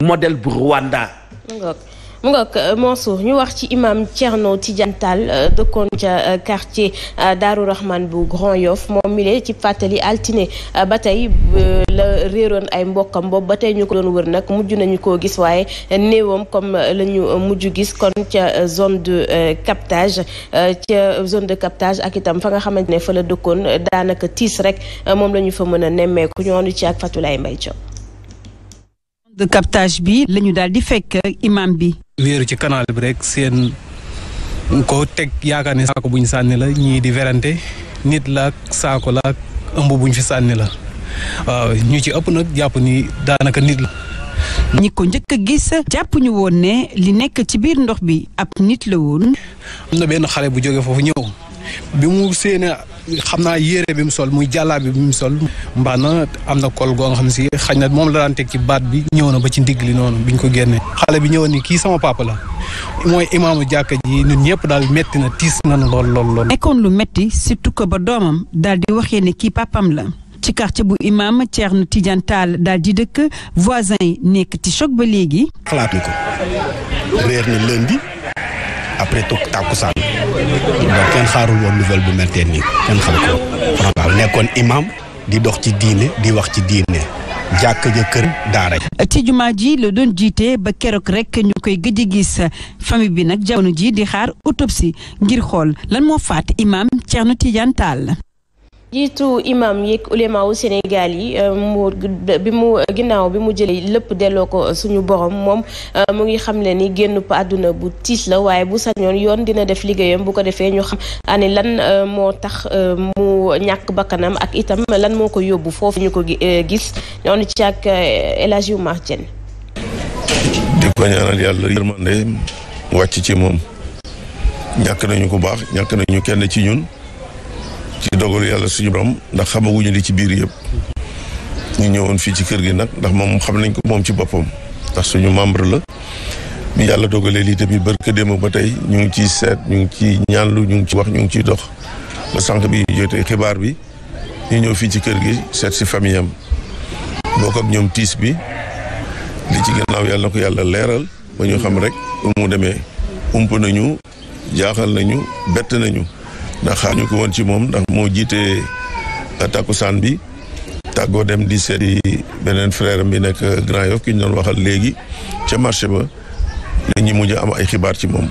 modèle bu Rwanda. mu ngoog euh, Mansour ñu wax ci imaam Thierno Tidiane Tall euh, dëkkoon ca euh, quartier Daaru Rahman bu Grand Yoff moom mile ci fàttali altine ba tey la réeroon ay mbokkam boobu ba tey ñu ko doon wër nag mujj nañu koo gis waaye néewam comme la ñu mujj gis kon ca zone de captage ca zone de captage ak itam fa nga xamante ne fa la dëkkoon daanaka tiis rek moom lañu ñu fa mën a nemmeeku ñoonu ci ak Fatulaay Mbay Thiaw captage bi la ñu daal di fekk imam bi. wéeru ci canal bi rek seen ko teg yaakaar ne saako bu ñu sànni la ñii di werante nit la saako la ak ëmb buñ fi sànni la waaw ñu ci ëpp nag jàpp ni daanaka nit la. ñi ko njëkk a gis jàpp ñu woon ne li nekk ci biir ndox bi ab nit la woon. am na benn xale bu jógee foofu ñëw bi mu seenee xam naa yére bi mu sol muy jàllaabi bi mu sol mbaa na am na kol goo nga xam si xañ na moom la daan teg ci baat bi ñëw na ba ci ndigg li noonu bi ñu ko génnee xale bi ñëwoon ni kii sama papa la mooy imaamu jàkka ji ñun ñëpp daal metti na tiis nan lool lool lool nekkoon lu metti surtout que ba doomam daal di waxee ne kii papam la ci quartier bu imaam Thierno Tidiane Tall daal di dëkk voisin yi nekk ci choc ba léegi xalaat ko réer na lundi après toog tàkkusaan ndax kenn xaarul nouvelle bu melteen nii kenn xam ko waaw nekkoon imam di dox ci diine di wax ci diine jàkk ja kër daara ci jumaa ji la doon jiite ba keroog rek ñu koy gëj a gis famille bi nag jamono ji di xaar autopsie ngir xool lan moo faat imam Thierno Tidiane Tall jiitu imaam yeeg ulema wu Sénégal yi euh, mu mu ginnaaw bi mu jëlee lépp delloo ko suñu borom moom euh, mu ngi xam le ni génn àdduna bu tiis la waaye bu sañoon yoon dina def liggéeyam bu ko defee ñu xam ani ah, lan euh, moo tax mu ñàkk bakkanam ak itam lan moo ko yóbbu foofu ñu ko gis ñoonu ci ak El Hadji di ko ñaanal yàlla yërmande wàcc ci moom ñàkk nañu ku baax ñàkk nañu kenn ci ñun ci dogalu yàlla suñu borom ndax xamaguñu li ci biir yëpp. ñu ñëwoon fii ci kër gi nag ndax moom xam nañ ko moom ci boppam ndax suñu membre la. mi yàlla dogalee lii tamit barke démb ba tey ñu ngi ciy seet ñu ngi ciy ñaanlu ñu ngi ci wax ñu ngi ciy dox ba sànq bi ñu jotee xibaar bi ñu ñëw fii ci kër gi seet si famille am bokk ak ñoom tiis bi li ci gannaaw yàlla na ko yàlla leeral ba ñu xam rek mu demee ump nañu jaaxal nañu bett nañu. ndax xaañu ko woon ci moom ndax moo jiite euh, takkusaan bi tàggoo dem di seeti beneen frère bi nekk Grand Yoff ki ñu doon waxal léegi ca marché ba la ñu mujj am ay xibaar ci moom.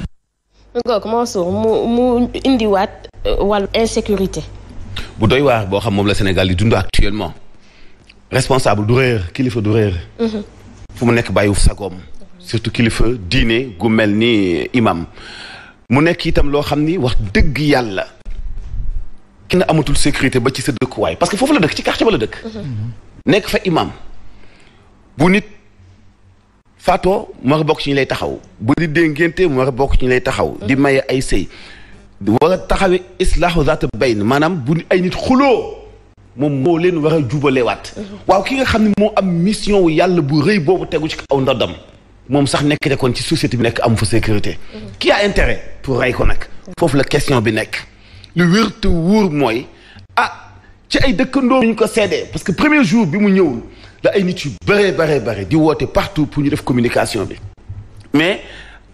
donc Mansour mu indiwaat euh, wàllu insécurité. bu doy waar boo xam moom la Sénégal di dund actuellement responsable du réer kilifa du réer. Mhm. fu mu nekk bàyyiwuf sagoom surtout kilifa diine gu mel ni imam mu nekk itam loo xam ni wax dëgg yàlla. kenn amatul sécurité ba ci sa dëkkuwaay parce que foofu la dëkk ci quartier ba la dëkk. nekk fa imam bu nit faatoo mu war a bokk ci ñu lay taxaw bu nit dee ngénte mu war a bokk ci ñu lay taxaw. di maye ay sëy war a taxawee islaahu zaata bayn maanaam bu ay nit xuloo moom moo leen war a jubalewaat. waaw ki nga xam ne moo am mission yàlla bu rëy boobu tegu ci aw ndodam moom sax nekk kon ci société bi nekk amu fa sécurité. Mhm. qui a intérêt la question bi nekk. lu wér te wóor mooy ah ci ay dëkkandoo ñu ko seedee parce que premier jour bi mu ñëwul la ay nit yu bëree bëree bëri di woote partout pour ñu def communication bi mais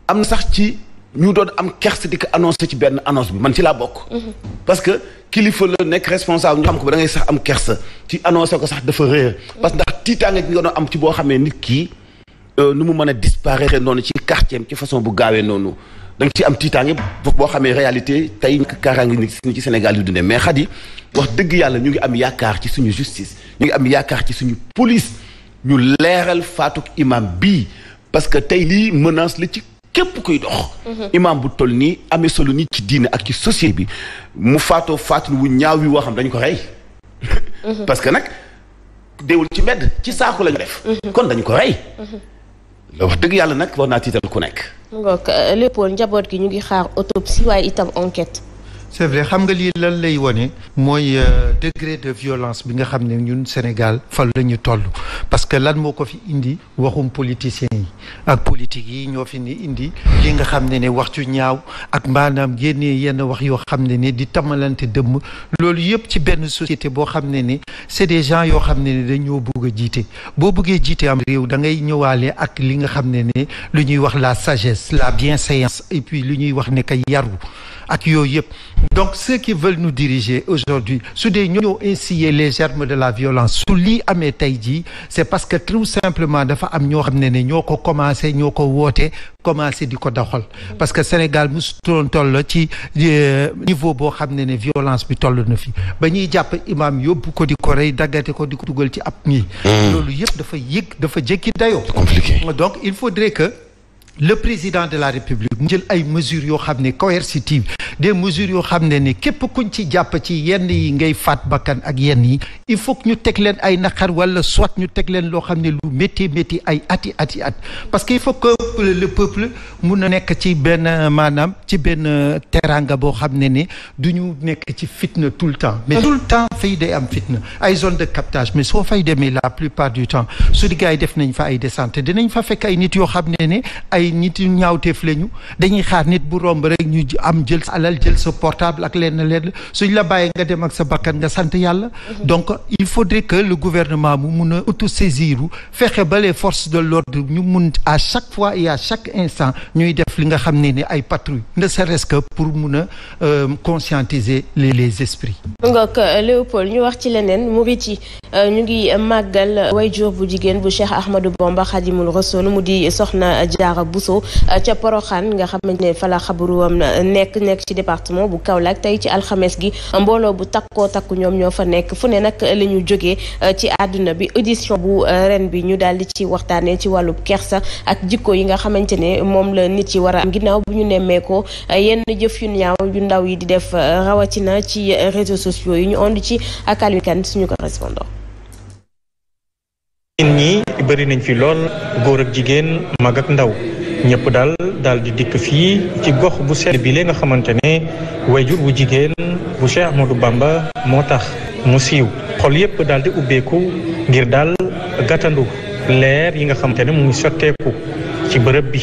am na sax ci ñu doon am kersa di ko annoncé ci benn annonce bi man ci laa bokk. Mhm. parce que kilifa la nekk responsable ñu xam ko ba da ngay sax am kersa ci annoncé ko sax dafa réer. Mhm. parce que ndax tiitaange gi nga doon am ci boo xamee nit kii euh, nu mu mën a disparaître noonu ci quartier ci façon bu gaawee noonu. da nga ci am tiitaange boo xamee réalité tey kaaraange ni ci Sénégal yu dundee mais xadi wax dëgg yàlla ñu ngi am yaakaar ci suñu justice ñu ngi am yaakaar ci suñu police ñu leeral faatuk imam bii parce que tey lii menace la ci képp kuy dox mhm. imam bu toll nii amee solo nii ci diine ak ci société bi mu faatoo faatun ñaaw wi woo xam dañu ko rey mhm. parce que nag déewul ci mbedd ci saaku lañu def mhm. kon dañu ko rey wax dëgg yàlla nag war naa tiital ku nekk ngook euh, lépp njaboot gi ñu ngi xaar autopsie waaye itam enquête c'est vrai xam nga lii lan lay wane mooy euh, degré de violence bi nga xam ne ñun Sénégal fan la ñu toll parce que lan moo ko fi indi waxum politiciens yi ak politique yi ñoo fi ni indi li nga xam ne ne wax cu ñaaw ak maanaam génnee yenn wax yoo xam ne ne di tamalante dëmm loolu yëpp ci benn société boo xam ne ne c'est des gens yoo xam ne ne dañoo bëgg a jiite boo buggee jiite am réew da ngay ñëwaale ak li nga xam ne ne lu ñuy wax la sagesse la bienséance et puis lu ñuy wax ne ka yaru ak yooyu yëpp donc ce qui veulent nous diriger aujourd'hui su dee ñoo instillé les germes de la violence su lii amee tey jii c'est parce que tout simplement dafa am ñoo xam ne ne ñoo ko commencé ñoo ko woote commencé di ko doxal parce que Sénégal mu toon toll ci euh, niveau boo xam ne ne violence bi toll na fi ba ñuy jàpp imam yóbbu ko di ko rey daggate ko di ko dugal ci ab ñi hmm. loolu yëpp dafa yëg dafa jéggi dayoo donc il faudrait que le président de la république mu jël ay mesures yoo xam ne coercitives des mesures yoo xam ne ne képp kuñ ci jàpp ci yenn yi ngay faat bakkan ak yenn yi il faut ñu teg leen ay naqar wala soit ñu teg leen loo xam ne lu métti métti ay ati ati at parce que il faut que le peuple mun a nekk ci benn maanaam ci benn teranga boo xam ne ne du ñu nekk ci fitna tout le temps mais tout le temps fay day am fitna ay zone de captage mais soo fay demee la plupart du temps yi def nañ fa ay descente dinañ fa fekk ay nit yoo xam ne ne ay ay nit yu ñaawteef lañu dañuy xaar nit bu romb rek ñu am jël sa alal jël sa portable ak lenn lenn suñ la bàyyee nga dem ak sa bakkan nga sant yàlla. Mhm. donc il faudrait que le gouvernement mu mun a autosaisir fexe ba les forces de l'ordre ñu mun à chaque fois et chaque instant ñuy def li nga xam ne ni ay patrouille ne serait-ce pour mun a euh, conscientiser les les esprits. donc euh, Léopold ñu wax ci leneen Mouriti euh, ñu ngi màggal wayjur bu jigéen bu Cheikh Ahmadou Bousso euh, ca Poroxaan nga xamante ne fala xabaruwam um, nekk nekk ci département bu Kaolack tey ci alxames gi mbooloo bu takkoo takk ñoom ñoo fa nekk fu ne nag la ñu jógee euh, ci àdduna bi audition bu euh, ren bi ñu daal di ci waxtaanee ci wàllu kersa ak jikko yi nga xamante ne moom la nit yi war a am ginnaaw bu ñu nemmeekoo yenn jëf yu ñaaw yu ndaw yi di def rawatina ci réseaux sociaux yi ñu ond ci ak suñu ko jigéen ñi bëri ñëpp daal daal di dikk fii ci gox bu sell bi lee nga xamante ne wayjur bu jigéen bu Cheikh du Bamba moo tax mu siiw xol yëpp daal di ubbeeku ngir dal gàttandu leer yi nga xamante ne mu ngi ci bërëb bi.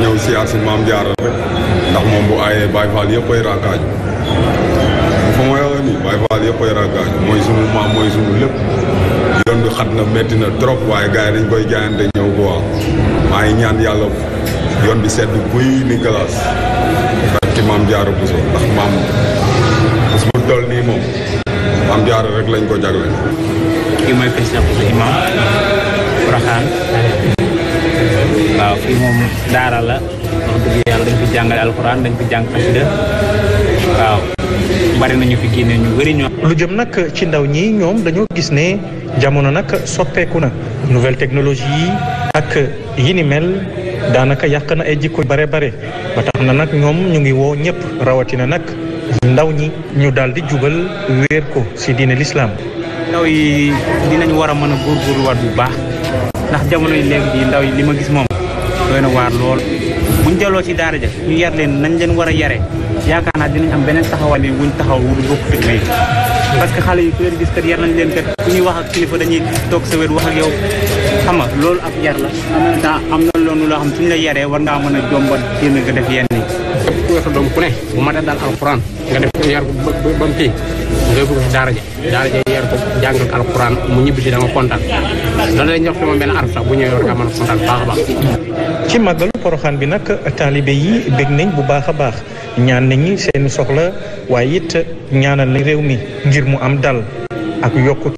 ñëw siyaar si maam Jaara rek ndax moom bu aayee Baye Fall yëpp ay raakaaju fa ma waxee nii Baye Fall yëpp ay raakaaju mooy sunu maam mooy sunu lépp yoon bi xat trop waaye gars dañ koy jaayante ñëw bu waaw ñaan yàlla yoon bi sedd buy ni glace barki maam jaaro Bousso ndax maam nii moom maam jaaro rek lañ ko jagle kii mooy kër Cheikh Bousso imam Porokhane waaw fii moom daara la wax dëgg yàlla dañ fi jàngale alxuraan dañ fi jàng xasida waaw bari nañu fi génne ñu bëri ñoo lu jëm nag ci ndaw ñi ñoom dañoo gis ne jamono nag soppeeku na nouvelle technologie yi ak yi daanaka yàq na ay jikko bare bare ba tax na nag ñoom ñu ngi woo ñëpp rawatina nag ndaw ñi ñu daal di jubal wéer ko ci diine lislaam ndaw yi dinañ war a mën a góorgóorluwaat bu baax ndax jamono yi léegi ji ndaw yi li ma gis moom doy na waar lool buñ jaloo ci daara ja ñu yar leen nañ leen war a yare yaakaar naa dinañ am beneen taxawaay bi wuñ taxaw wuñ bokk tëg léegi parce que xale yi ku leen gis kat yar nañ leen kat ku ñuy wax ak kilifa dañuy toog sa wér wax xam nga loolu ak yar la en am na loolu la xam suñ la yaree war ngaa mën a jomba génn nga def yenn yi ku yor sa doom ku ne bu ma a daal alxuraan nga def yar ba mu daara ja daara ja yar ko alxuraan mu ñibbi si da nga kontaan loolu la ñuy moom benn araf bu ñëwee war nga mën a kontaan baax baax ci màggalu poroxaan bi nag taalibe yi bég nañ bu baax a baax ñaan nañu seen soxla waaye it ñaanal réew mi ngir mu am dal ak yokkute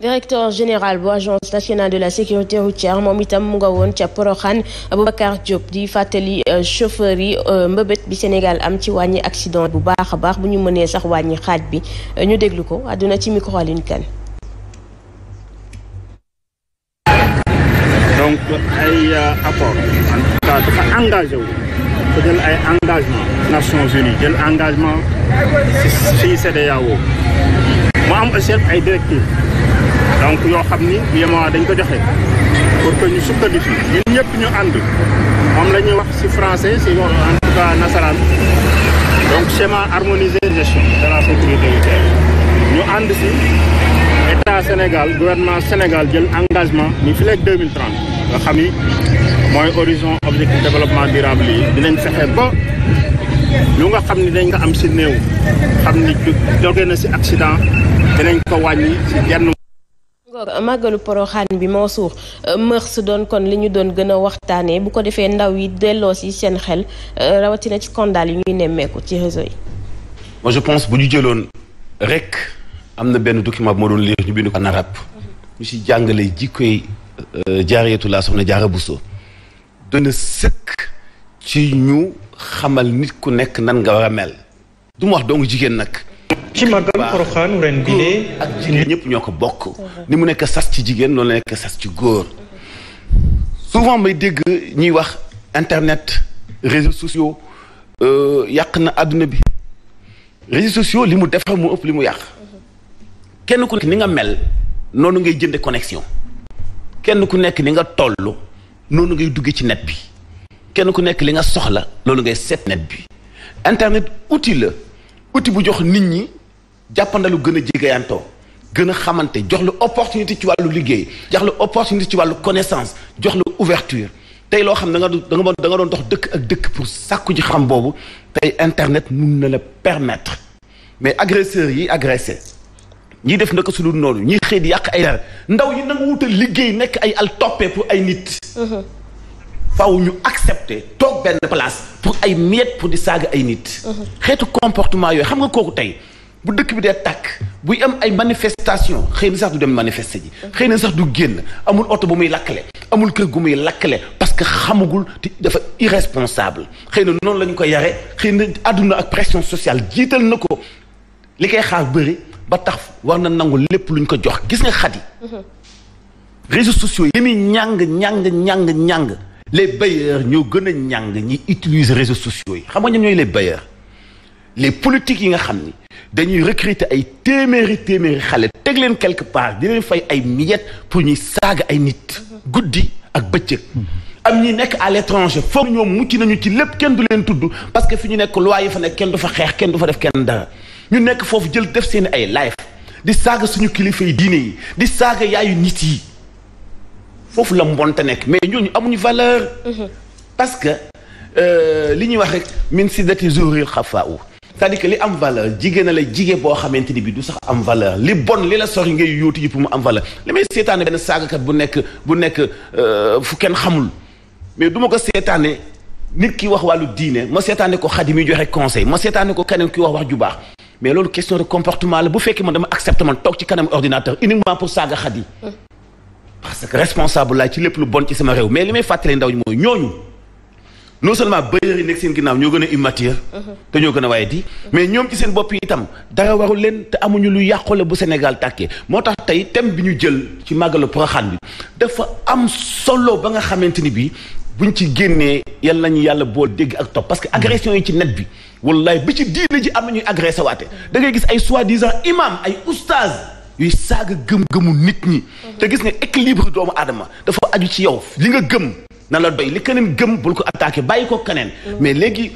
directeur général bu agence nationale de la sécurité routière moom itam mu nga woon ca Porokhane Boubacar Diop di fàttali euh, chauffeur yi euh, mbëbët bi Sénégal am ci wàññi accident bu baax a baax bu ñu mënee sax wàññi xaaj bi euh, ñu déglu ko àdduna ci micro Aline donc ay apport dafa engagé wu te ay engagement Nations Unies jël engagement si CEDEAO mu am aussi ay directives donc yoo xam ni yéema dañ ko joxe pour que ñu sukkandiku ñun ñëpp ñu ànd moom la ñuy wax si français si en tout cas nasaraan donc schéma harmonisé gestion de la sécurité routière ñu ànd si état Sénégal gouvernement Sénégal jël engagement ni fii léegi 2030 nga xam ni mooy horizon objectif développement durable yi dinañ fexe ba lu nga xam ni dañ nga am si néew xam ni jóge na si accident dinañ ko wàññi si genn màggalu poroxaan bi moo suux euh, mërs doon kon li ñu doon gën a waxtaanee bu ko defee ndaw yi delloo si seen xel euh, rawatina ci scandale yi ñuy nemmeeku ci réseau yi. moi je pense bu ñu jëloon rek am na benn document bu ma doon lire ñu bind ko en arabe. ñu si jàngale jikkoy euh, jaareetu laa soxna Jaara Buso. dana sëkk ci ñu xamal nit ku nekk nan nga war a mel. du ma wax dong jigéen nag. ci màggal Porokhane ren bi de ak jigéen ñëpp ñoo ko bokk ni mu nekk sas ci jigéen loolu la nekk sas ci góor souvent may dégg ñuy wax internet réseaux sociaux euh, yàq na àdduna bi réseaux sociaux li mu defar mu ëpp li mu yàq kenn ku nekk ni nga mel noonu ngay jënde connexion kenn ku nekk ni nga toll noonu ngay dugge ci net bi kenn ku nekk li nga soxla loolu ngay seet net bi internet outil la outil bu jox nit ñi jàppandalu gën a jégeyantoo gën a xamante jox la opportunité ci wàllu liggéey jox la opportunité ci wàllu connaissance jox la ouverture tey loo xam da nga da nga da nga doon dox dëkk ak dëkk pour sàkku ji xam boobu tey internet mun na la permettre mais agresseurs yi agressé ñi def naka su dul noonu ñi xëy di yàq ay der ndaw yi nanga wutal liggéey nekk ay al toppee pour ay nit mhm. faw ñu accepter toog benn place pour ay miet pour di saaga ay nit mhm. xeetu comportement yooyu xam nga kooku tey bu dëkk bi dee takk buy am ay manifestation xëy na sax du dem manifester ji xëy na sax du génn amul oto bu muy lakkale amul kër gu muy lakkale parce que xamagul te dafa irresponsable xëy na noonu la ñu ko yare xëy na àdduna ak pression sociale jiital na ko li koy xaar bëri ba tax war na nangu lépp luñ ko jox gis nga xat yi mhm. réseaux sociaux yi muy ñàng ñàng ñàng ñàng les bailleurs ñoo gën a ñàng ñi utiliser réseau sociaux yi xam nga ñoom ñooy le bailleurs les politiques yi nga xam ni dañuy recruter ay téeméeri téeméeri xale teg leen quelque part di leen fay ay miettes pour ñuy saaga ay nit. guddi ak bëccëg. am ñi nekk à l'étranger foog ñoom mucc nañu ci lépp kenn du leen tudd parce que fi ñu nekk loi yi fa nekk kenn du fa xeex kenn du fa def kenn dara ñu nekk foofu jël def seen ay live di saaga suñu kilifa yi diine yi di saaga yaayu nit yi foofu la mbonte nekk mais ñooñu amuñu valeur. Mhm. parce que euh, li ñuy wax rek. min yi zuhril xafaa c'est-à-dire li am valeur jigéen a la jigéen boo xamante ni bi du sax am valeur li bon li la sori ngay yóotu yi pour mu am valeur li may seetaane benn saagakat bu nekk bu nekk euh, fu kenn xamul mais du ma ko seetaane nit ki wax wàllu diine ma seetaane ko xadi mi joxe conseil ma seetaane ko keneen ki wax wax ju baax mais loolu question de comportement la bu fekkee man dama accepté man toog ci kanam ordinateur uniquement pour saaga xadi mm. parce que responsable laa ci lépp lu bon ci sama réew mais li fàttali ndaw ñi mooy ñooñu non seulement bailleurs yi nekk seen ginnaaw ñoo gën a immature uh-huh. te ñoo gën a waaye di mais ñoom ci seen bopp itam dara warul leen te amuñu lu yàqule bu Sénégal tàkkee moo tax tey thème bi ñu jël ci màggalu Porokhane bi dafa am solo ba nga xamante ni bi buñ ci génnee yal nañu yàlla boo dégg ak topp parce que agression yi ci net bi wallaay bi ci diine ji am na ñuy agressé dangay da ngay gis ay soi-disant imam ay oustaz yuy saaga gëm-gëmu nit ñi uh-huh. te gis nga équilibre doomu aadama dafa aju ci yow li nga gëm na la doy li keneen gëm bul ko attaqué bàyyi ko keneen mais léegi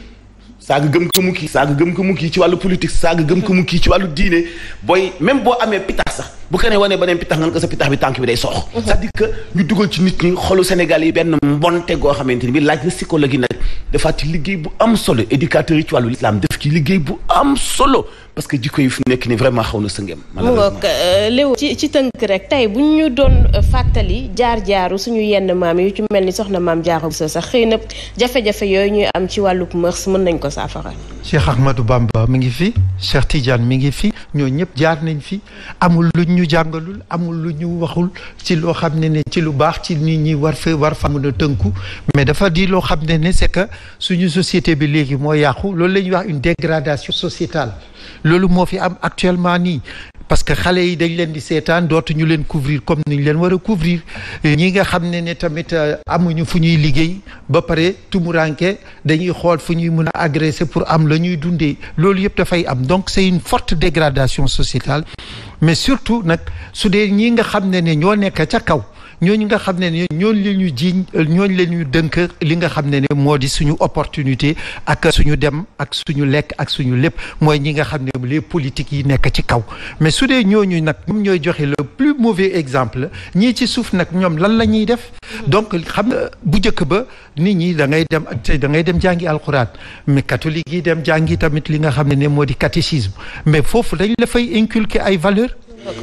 saaga gëm ko mu kii saaga gëm ko mu kii ci wàllu politique saaga gëm ko mu kii ci wàllu diine booy même boo amee pitax sax bu keneen wanee beneen pitax nga ko sa pitax bi tànk bi day soox mhm. c'est-à-dire que ñu dugal ci nit ñi xolu Sénégal yi benn mbonte goo xamante ni bi laaj na psychologue yi nag defaat ci liggéey bu am solo éducateur yi ci wàllu lislaam def ci liggéey bu am solo parce que jikko yi fi nekk ni vraiment xaw na sëngem malheureusement euh, léew ci ci tënk rek tey bu ñu doon euh, fàttali jaar-jaaru suñu yenn maam yu ci mel ni soxna maam jaaro bi sax xëy na jafe-jafe yooyu ñuy am ci wàllu mërs mën nañ ko saafara Cheikh Ahmadou Bamba mi ngi fi Cheikh Tidiane mi ngi fi ñoo ñëpp jaar nañ fi amul lu ñu jàngalul amul lu ñu waxul ci loo xam ne ne ci lu baax ci nit ñuy war fa war fa mën a tënku mais dafa di loo xam ne ne c'est que suñu société bi léegi moo yàqu loolu la wax une dégradation sociétale loolu moo fi am actuellement nii parce que xale yi dañ leen di seetaan dootu ñu leen couvrir comme ni ñu leen war a couvrir ñi nga xam ne ne tamit euh, amuñu fu ñuy liggéey ba pare tumuranke dañuy xool fu ñuy mun a agresser pour am la ñuy dundee loolu yëpp dafay am donc c'est une forte dégradation sociétale mais surtout nag su dee ñi nga xam ne ne ñoo nekk ca kaw ñooñu nga xam ne ni ñooñ la ñu jiiñ ñooñu la ñu dënk li nga xam ne ne moo di suñu opportunité ak suñu dem ak suñu lekk ak suñu lépp mooy ñi nga xam ne les politiques yi nekk ci kaw mais su dee ñooñu nag ñoom ñooy joxe le plus mauvais exemple ñii ci suuf nag ñoom lan la ñuy def donc xam nga bu njëkk ba nit ñi da ngay dem ak da ngay dem jàngi alxuraan mais catholique yi dem jàngi tamit li nga xam ne ne moo di catéchisme mais foofu dañ la fay inculquer ay valeurs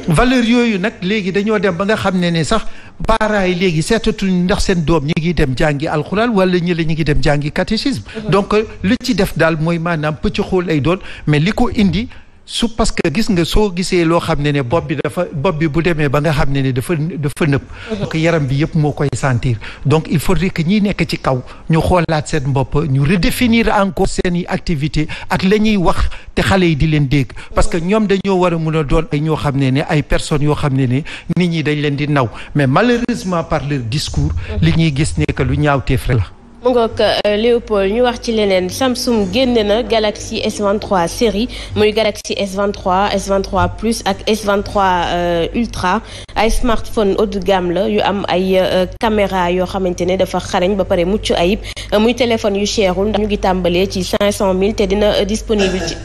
valeur yooyu nag léegi dañoo dem ba nga xam ne ne sax parents yi léegi seetatuñ ndax seen doom ñi ngi dem jàngi alxuraan wala ñi la ñi ngi dem jàngi catéchisme donc li ci def daal mooy maanaam pëcc xool lay doon mais li ko indi su parce que gis nga soo gisee loo xam ne ne bopp bi dafa bopp bi bu demee ba nga xam ne ne dafa dafa nëb. donc yaram bi yëpp moo koy sentir. donc il faudrait que ñi nekk ci kaw ñu xoolaat seen bopp ñu redéfinir encore seen i activité ak la ñuy wax te xale yi di leen dégg. parce que ñoom dañoo war a mun a doon ay ñoo xam ne ne ay personnes yoo xam ne ne nit ñi dañ leen di naw mais malheureusement par leur discours. Mm-hmm. li ñuy gis ne lu ñaaw ñaawteef rek la. mu ngoog euh, Léopold ñu wax ci leneen Samsung génnee na Galaxy S23 série muy Galaxy S23 S23 plus ak S23 euh, ultra ay smartphone haut de la yu am ay euh, caméra yoo xamante ne dafa xarañ ba pare mucc ayib muy téléphone yu cherul ndax ñu ngi tàmbalee ci cinq cent mille te dina disponible ci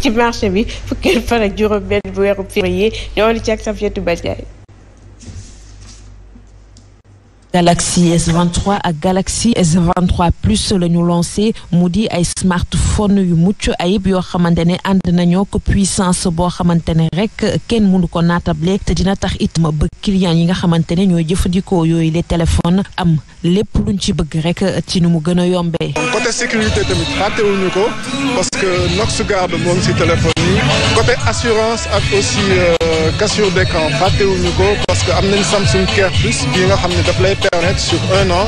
ci marché bi fukki fan ak juróom benn bu weeru février ñoo di ci ak Safietou Badiaye Galaxy S23 ak Galaxy S23 plus la ñu lancé mu di ay smartphone yu mucc ayib yoo xamante ne ànd nañoo ko puissance boo xamante ne rek kenn mënu ko naatable te dina tax itam ba client yi nga xamante ne ñooy jëfandikoo yooyu les téléphones am lépp luñ ci bëgg rek ci nu mu gën a yombee. côté sécurité tamit fàttewuñu ko parce que NoxGuard moo ngi si téléphone yi côté assurance ak aussi euh, cassure d'écran fàttewuñu ko parce que am nañ Samsung Care Plus bi nga internet sur un an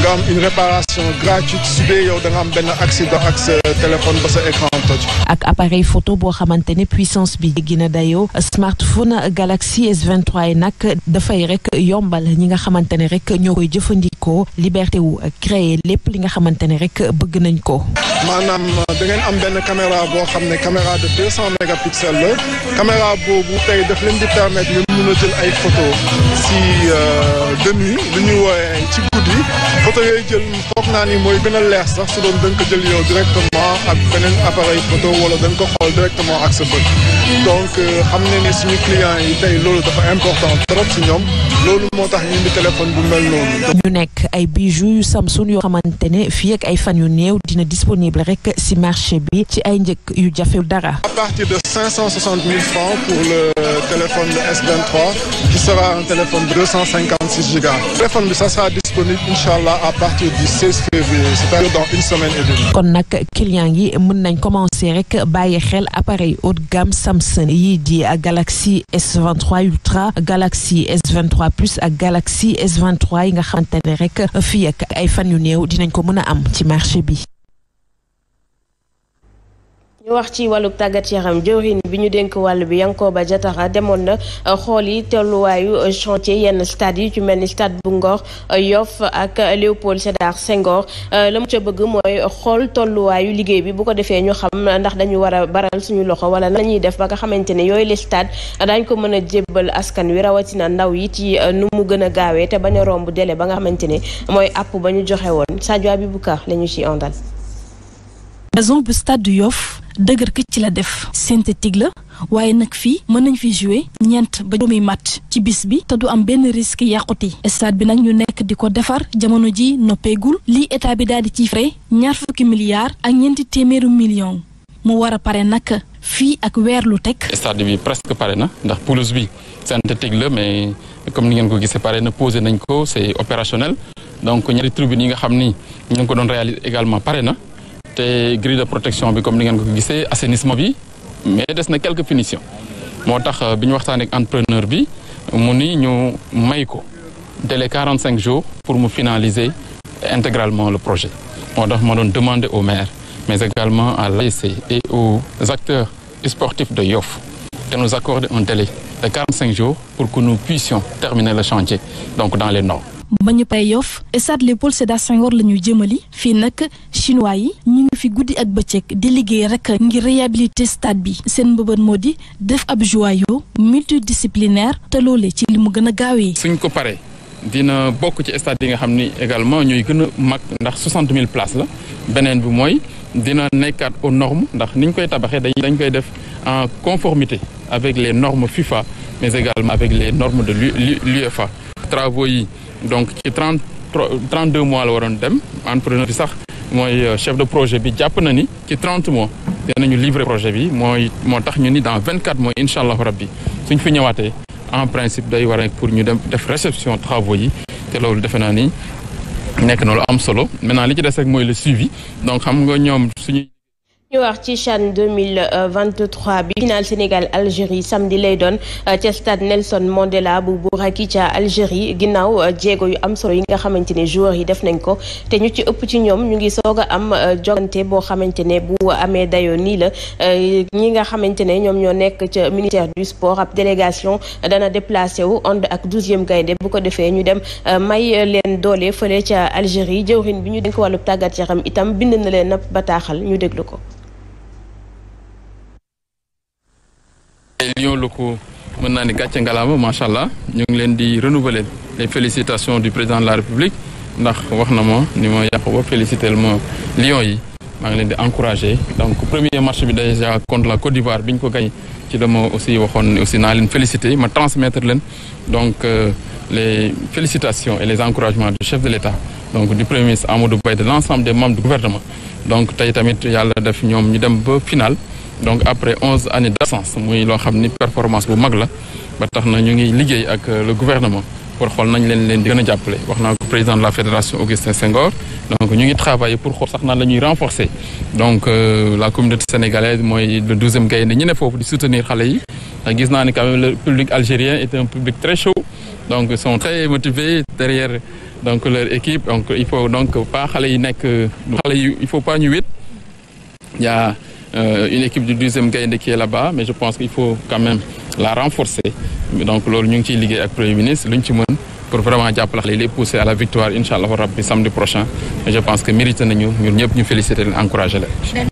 nga am une réparation gratuite su dee yow da am benn accident ak sa téléphone ba sa écran toj ak appareil photo boo xamante ne puissance bi jéggi na dayoo smartphone Galaxy S23 yi nag dafay rek yombal ñi nga xamante ne rek ñoo koy jëfandikoo liberté wu créer lépp li nga xamante ne rek bëgg nañ ko. maanaam euh, da ngeen am benn caméra boo xam ne caméra de deux cent mégapixels boobu tey daf leen di permettre ñu mun a jël ay photo si euh, de ñu woowee ci guddi photo yooyu jël foog naa ni mooy gën a leer sax su doon da nga ko jël yow directement ak beneen appareil photo wala da nga ko xool directement ak sa bët donc euh, xam ne ni suñu client yi tey loolu dafa important trop si ñoom loolu moo tax ñu indi téléphone bu mel noonu. ñu nekk ay bijoux yu Samsung yoo xamante ne fii ak ay fan yu néew dina disponible rek si marché bi ci ay njëkk yu jafe dara. a partir de cinq cent soixante mille francs pour le téléphone S23 qui sera cent cinquante six téléphone bi ça sera disponible incha à partir du février c'est-à-dire dans une semaine et kon nag clients yi mën nañ commencer rek bàyyi xel appareil haut de gamme Samsung yii di Galaxy S23 Ultra Galaxy S23 Plus ak Galaxy S23 yi nga xamante ne rek fii ay fan yu néew dinañ ko mën a am ci marché bi. ñu wax ci wàllu tàggat xam jëwriñ bi ñu dénk wàll bi Yankoba Diatara demoon na uh, xool yi tolluwaayu uh, chantier yenn stade yi ci mel ni stade bu Ngor uh, yof ak Léopold Sédar Senghor la mu ca bëgg mooy xool tolluwaayu liggéey bi bu ko defee ñu xam ndax dañu war baral suñu loxo wala na ñuy def ba nga xamante ne yooyu le stade dañ ko mën a jébbal askan wi rawatina ndaw yi ci nu mu gën a gaawee te bañ a romb dele ba nga xamante ni mooy app ba ñu joxe woon Sadio Abibou Bakar la ñu ci ondal gazon bu stade du Yoff dëgër këcc ci la def synthétique la waaye nag fii mën nañ fi jouer ñeent ba juróomi match ci bis bi te du am benn risque yàquti stade bi nag ñu nekk di ko defar jamono ji noppeegul lii état bi daal di ci frais ñaar fukki milliards ak ñeenti téeméeru million mu war a pare nag fii ak weer lu teg. stade bi presque pare na ndax pelouse bi synthétique la mais comme ni ngeen ko gisee pare na posé nañ ko c'est opérationnel donc ñaari tribune yi nga xam ni ñu ngi ko doon réaliser également pare na. te grille de protection bi comme ni ngeen ko gisee assainissement bi mais des na quelques finitions moo tax euh, bi ñu waxtaan ak entrepreneur bi mu ni ñu may ko délai 45 jours pour mu finaliser intégralement le projet moo tax moo doon demander au maire mais également à l'ASC et aux acteurs sportifs de Yoff de nous accorder un délai de 45 jours pour que nu puissions terminer le chantier donc dans le normes ba ñu pare Yoff stade Léopold Sédar Senghor la ñuy jëmali fii nag chinois yi ñu ngi fi guddi ak bëccëg di liggéey rek ngir réhabiliter stade bi seen mbëbët moo di def ab joyau multidisciplinaire te loolee ci li mu gën a gaawee. suñ ko paree dina bokk ci stade yi nga xam ni également ñooy gën a mag ndax soixante mille places la beneen bi mooy dina nekkaat aux normes ndax niñ koy tabaxee dañ koy def en conformité avec les normes FIFA mais également avec les normes de l'UEFA travaux yi donc ci trente trente deux mois la waroon dem en entrepreneur bi sax mooy euh, chef de projet bi jàpp na ni ci trente mois dinañu livrer projet bi mooy moo tax ñu ni dans vingt quatre mois incha allah rabbi suñ fi ñëwaatee en principe day war pour ñu dem def réception travaux yi te loolu defe naa ni nekk na lu am solo maintenant li ci des rek mooy le suivi donc xam nga ñoom suñu ñu wax ci CHAN 2023 bi final Sénégal Algérie samedi lay doon euh, ca stade Nelson Mandela bu Bouraki ca Algérie ginnaaw euh, jéego yu am solo yi nga xamante ne joueurs yi def nañ ko te ñu ci ëpp ci ñoom ñu ngi soog am euh, jogante boo xamante ne bu amee dayoo nii la ñi nga xamante ne ñoom ñoo nekk ca ministère du sport ab délégation dana déplacé wu ànd ak douzième gaynde bu ko defee ñu dem may leen doole fële ca Algérie jëwrin bi ñu dénk wàllu tàggat yaram itam bind na leen ab bataaxal ñu déglu ko lions locaux mën naa ni gàcce ngalaama macha allah ñu ngi leen di renouveler les félicitations du président de la république ndax wax na ma ni ma yàqu ba féliciter ma lions yi maa ngi leen di encourager donc premier match bi déjà contre la Côte d'Ivoire bi ñu ko gañ ci dama aussi waxoon aussi naa leen féliciter ma transmettre leen donc euh, les félicitations et les encouragements du chef de l'État donc du premier ministre Amadou Ba de l'ensemble des du gouvernement donc tey tamit yàlla def ñoom ñu dem ba finale donc après onze années d'absence muy loo xam ni performance bu mag la ba tax na ñu ngi liggéey ak euh, le gouvernement pour xool nañ leen leen di gën a jàppale wax naa ko président de la fédération Augustin Senghor donc ñu ngi travailler pour xool sax naan la ñuy renforcer donc euh, la communauté sénégalaise mooy le douzième gaynde ñu ne foofu di soutenir xale yi ndax ah, gis naa ni quand même le public algérien est un public très chaud donc ils très motivés derrière donc leur équi donc il donc pas xale yi nekk xale yi il faut pas ñu wét Euh, une équipe du deuxième gaynde qui est mais je pense qu'il faut quand même la renforcer donc loolu ñu ngi ciy liggéey ak premier ministre lu ñu ci mën pour vraiment jàppale xale yi les pousser à la victoire incha rabbi samedi prochain je pense que mérité nañu ñun ñëpp ñu féliciter encourager leen.